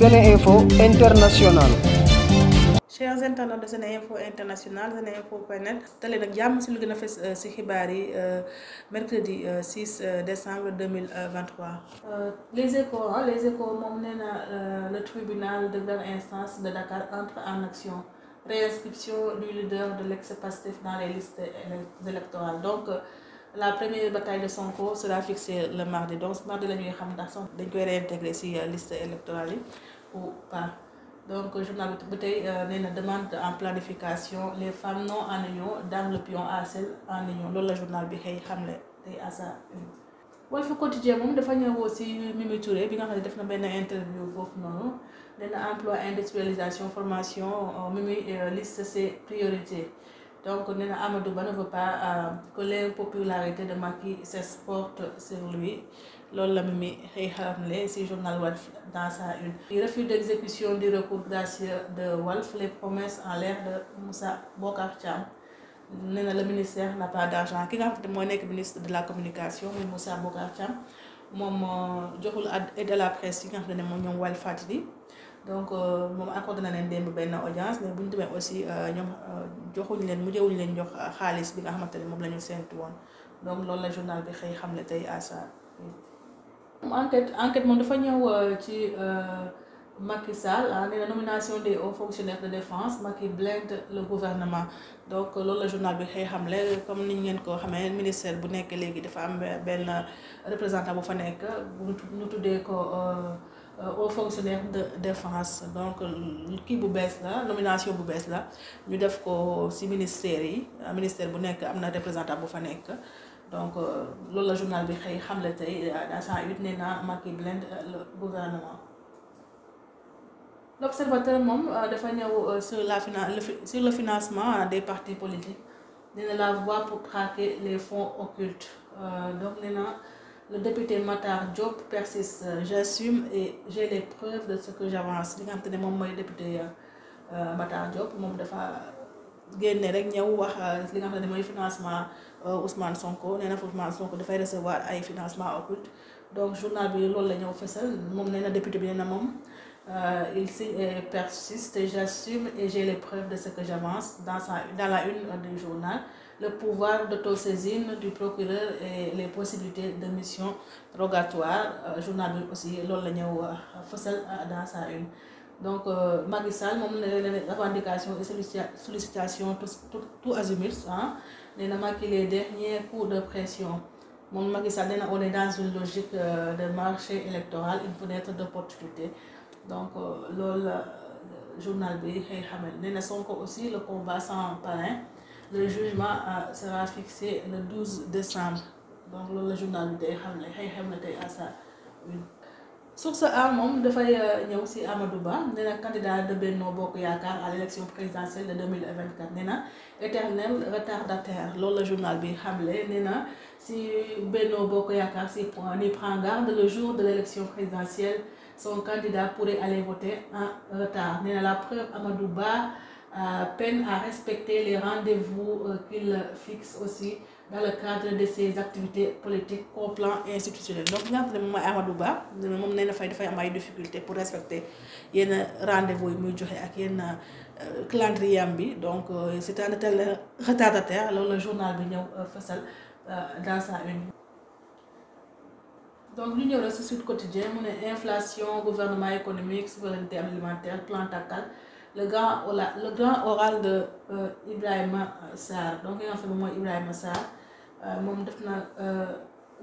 Sénéinfo International. chers internautes de Sénéinfo International Sénéinfo.net tale nag jàmm si lu gën a fes euh, si xibaar yi euh, mercredi 6 euh, décembre 2023. les échos les échos moom nee na le tribunal de grande instance de Dakar entre en action. réinscription du leader de lex dans les listes électorales donc la première bataille de Sonko sera fixée le mardi donc mardi la xam ndax Sonko dañ koy réintégrer ci euh, liste électorale yi ou pas donc journal bi tey euh, nee demande en planification les femmes non en à celle en bi xëy xamle tey à sa une. Walf Quotidien moom dafa ñëwoo ci Mimi ture bi nga xam ne def na benn interview foofu noonu nee na emploi industrialisation formation euh, Mimi liste ses priorités. donc nee na Amadou Ba ne veut pas euh, que l'impopularité de Macky s'exporte sur lui loolu la Mimi xëy xaramle ci journal Walf dans sa une refus d'exécution du recours gracieux de Walf les promesses en l'air de Moussa Bocar Thiam nee na ministère n'a d'argent ki nga xam te moo nekk ministre de la communication muy Moussa Bocar Thiam moom joxul aide à la presse yi nga xam ne moom ñoom Walfadjri donc euh, moom accordé na leen démb benn audience mais bu ñu demee aussi euh, ñoom euh, joxuñu leen mujjewuñu leen jox xaalis bi nga xamante ne moom la ñu woon donc loolu la journal bi xëy xamle tey à ça. enquête enquête moom dafa ñëw ci Macky Sall ah, nee na nomination des hauts fonctionnaires de défense Macky blinde le gouvernement donc loolu la journal bi xëy xamle comme niñ ngeen ko xamee ministère bu nekk léegi dafa am benn représentant bu fa nekk bu ñu tuddee ko. Euh, aux fonctionnaires de défense donc euh, kii bu bees la nomination bu bees la ñu def ko ci ministère yi euh, ministère bu nekk am na représentant bu fa nekk donc loolu la journal bi xëy xam la tey à cent huit nee na Macky blinde le gouvernement l'observateur moom dafa ñëw sur la finance sur le financement des partie politiques nee na la voie pour traquer les fonds occultes donc nee le député Matar Diop persiste j'assume et j'ai les de ce que j'avance li nga xam ne moom mooy député euh, Matar Diop moom dafa génne rek ñëw wax euh, li nga xam ne mooy financement euh, Ousmane Sonko nee na Sonko dafay recevoir ay financement occulte donc journal bi loolu la ñëw fësal moom nee na député bi nee na moom Euh, il euh, signe et j'assume et j'ai les preuves de ce que j'avance dans, sa, dans la une du journal. Le pouvoir d'autosaisine du procureur et les possibilités de mission rogatoire. Euh, journal bi aussi loolu la ñëw euh, fësal euh, dans sa une. donc euh, Macky Sall moom la revendication et sollicitation tout tout, tout azimut ah na Macky les derniers coups de pression. moom Macky Sall nee na on est dans une logique de marché électoral une fenêtre d'opportunité. donc euh, loolu la euh, journal bi xëy xamal nee na Sonko aussi le combat sans parrain le jugement euh, sera fixé le 12 décembre donc loolu la journal bi tey xam ne xëy xam ne tey à sa une. source A ah, moom dafay ñëw si Amadou Ba nee na candidat de Benno Bokk Yaakaar à l' élection présidentielle de 2024 nee na éternel retardataire loolu la journal bi xamle nee na si Benno Bokk Yaakaar si point ni prend garde le jour de l' élection présidentielle. son candidat pourrait aller voter en retard. Mais la preuve, Amadou Ba euh, peine à respecter les rendez-vous euh, la fixe aussi dans le cadre de ses activités politiques au plan institutionnel. Donc, li nga ne moom mooy Amadou Ba moom nee na fay dafay am ay difficultés pour respecter yenn rendez yi muy joxe ak yenn euh, calendrier am bi donc c'est un tel retardataire loolu la journal bi ñëw fësal dans sa une. donc lu ñëw rek si Sud Quotidien mu ne inflation gouvernement économique souveraineté alimentaire plan Takkal le grand oral de euh, Ibrahima Sarr donc li nga xam ne mooy Ibrahima Sarr euh, moom def na euh,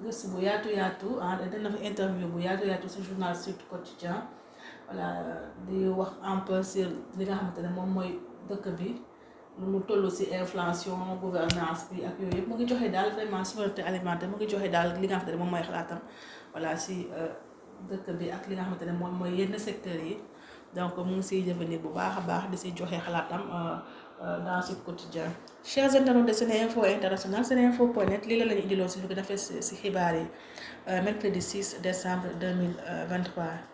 gëstu bu yaatu yaatu ah def na interview bu yaatu yaatu si journal Sud Quotidien voilà di wax un peu li nga xamante ne moom mooy dëkk bi. lu mu toll si inflation gouvernance bi ak yooyu yëpp mu ngi joxe daal vraiment souveraineté alimentaire mu ngi joxe daal li nga xamante ne moom mooy xalaatam voilà si euh, dëkk bi ak li nga xamante ne moom mooy yenn secteurs yi donc mu ngi siy jëfandikoo bu baax a baax di si joxe xalaatam euh, euh, dans ce quotidien chers internautes de Sene Info International Sene Info point net lii la la ñu indiloon si lu ko defee si xibaar yi mercredi 6 décembre 2023